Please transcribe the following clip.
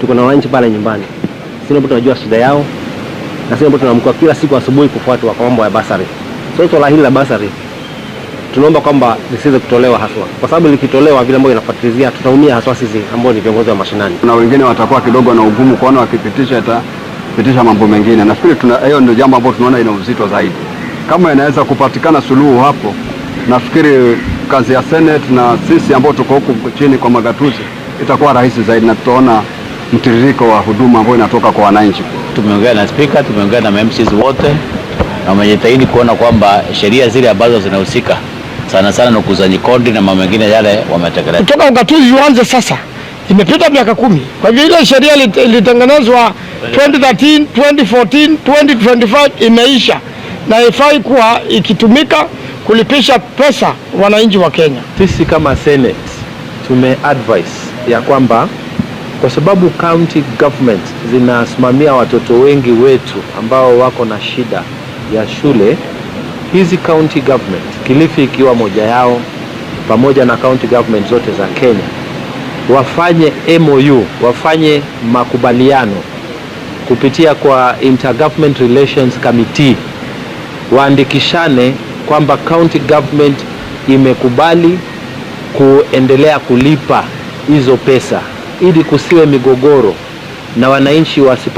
tuko na wananchi pale nyumbani, sisi ndio tunajua shida yao na sisi ndio tunaamka kila siku asubuhi kufuatwa kwa mambo ya basari. So swala hili la basari tunaomba kwamba lisiweze kutolewa haswa, kwa sababu likitolewa vile ambavyo inafuatilizia tutaumia haswa sisi ambao ni viongozi wa mashinani, na wengine watakuwa kidogo na ugumu kuona wakipitisha hata pitisha mambo mengine. Nafikiri hiyo ndio jambo ambalo tunaona ina uzito zaidi. Kama inaweza kupatikana suluhu hapo, nafikiri kazi ya Senate na sisi ambao tuko huku chini kwa magatuzi itakuwa rahisi zaidi na tutaona mtiririko wa huduma ambayo inatoka kwa wananchi. Tumeongea na spika, tumeongea na MCs wote na wamejitahidi kuona kwamba sheria zile ambazo zinahusika sana sana na kuzanyi kodi na mambo mengine yale wametekeleza. Kutoka ugatuzi uanze sasa, imepita miaka kumi. Kwa hivyo ile sheria ilitengenezwa 2013, 2014, 2025 imeisha na ifai kuwa ikitumika kulipisha pesa wananchi wa Kenya. Sisi kama Senate advice ya kwamba kwa sababu county government zinasimamia watoto wengi wetu ambao wako na shida ya shule. Hizi county government, Kilifi ikiwa moja yao, pamoja na county government zote za Kenya, wafanye MOU, wafanye makubaliano kupitia kwa Intergovernment Relations Committee, waandikishane kwamba county government imekubali kuendelea kulipa hizo pesa ili kusiwe migogoro na wananchi wasipa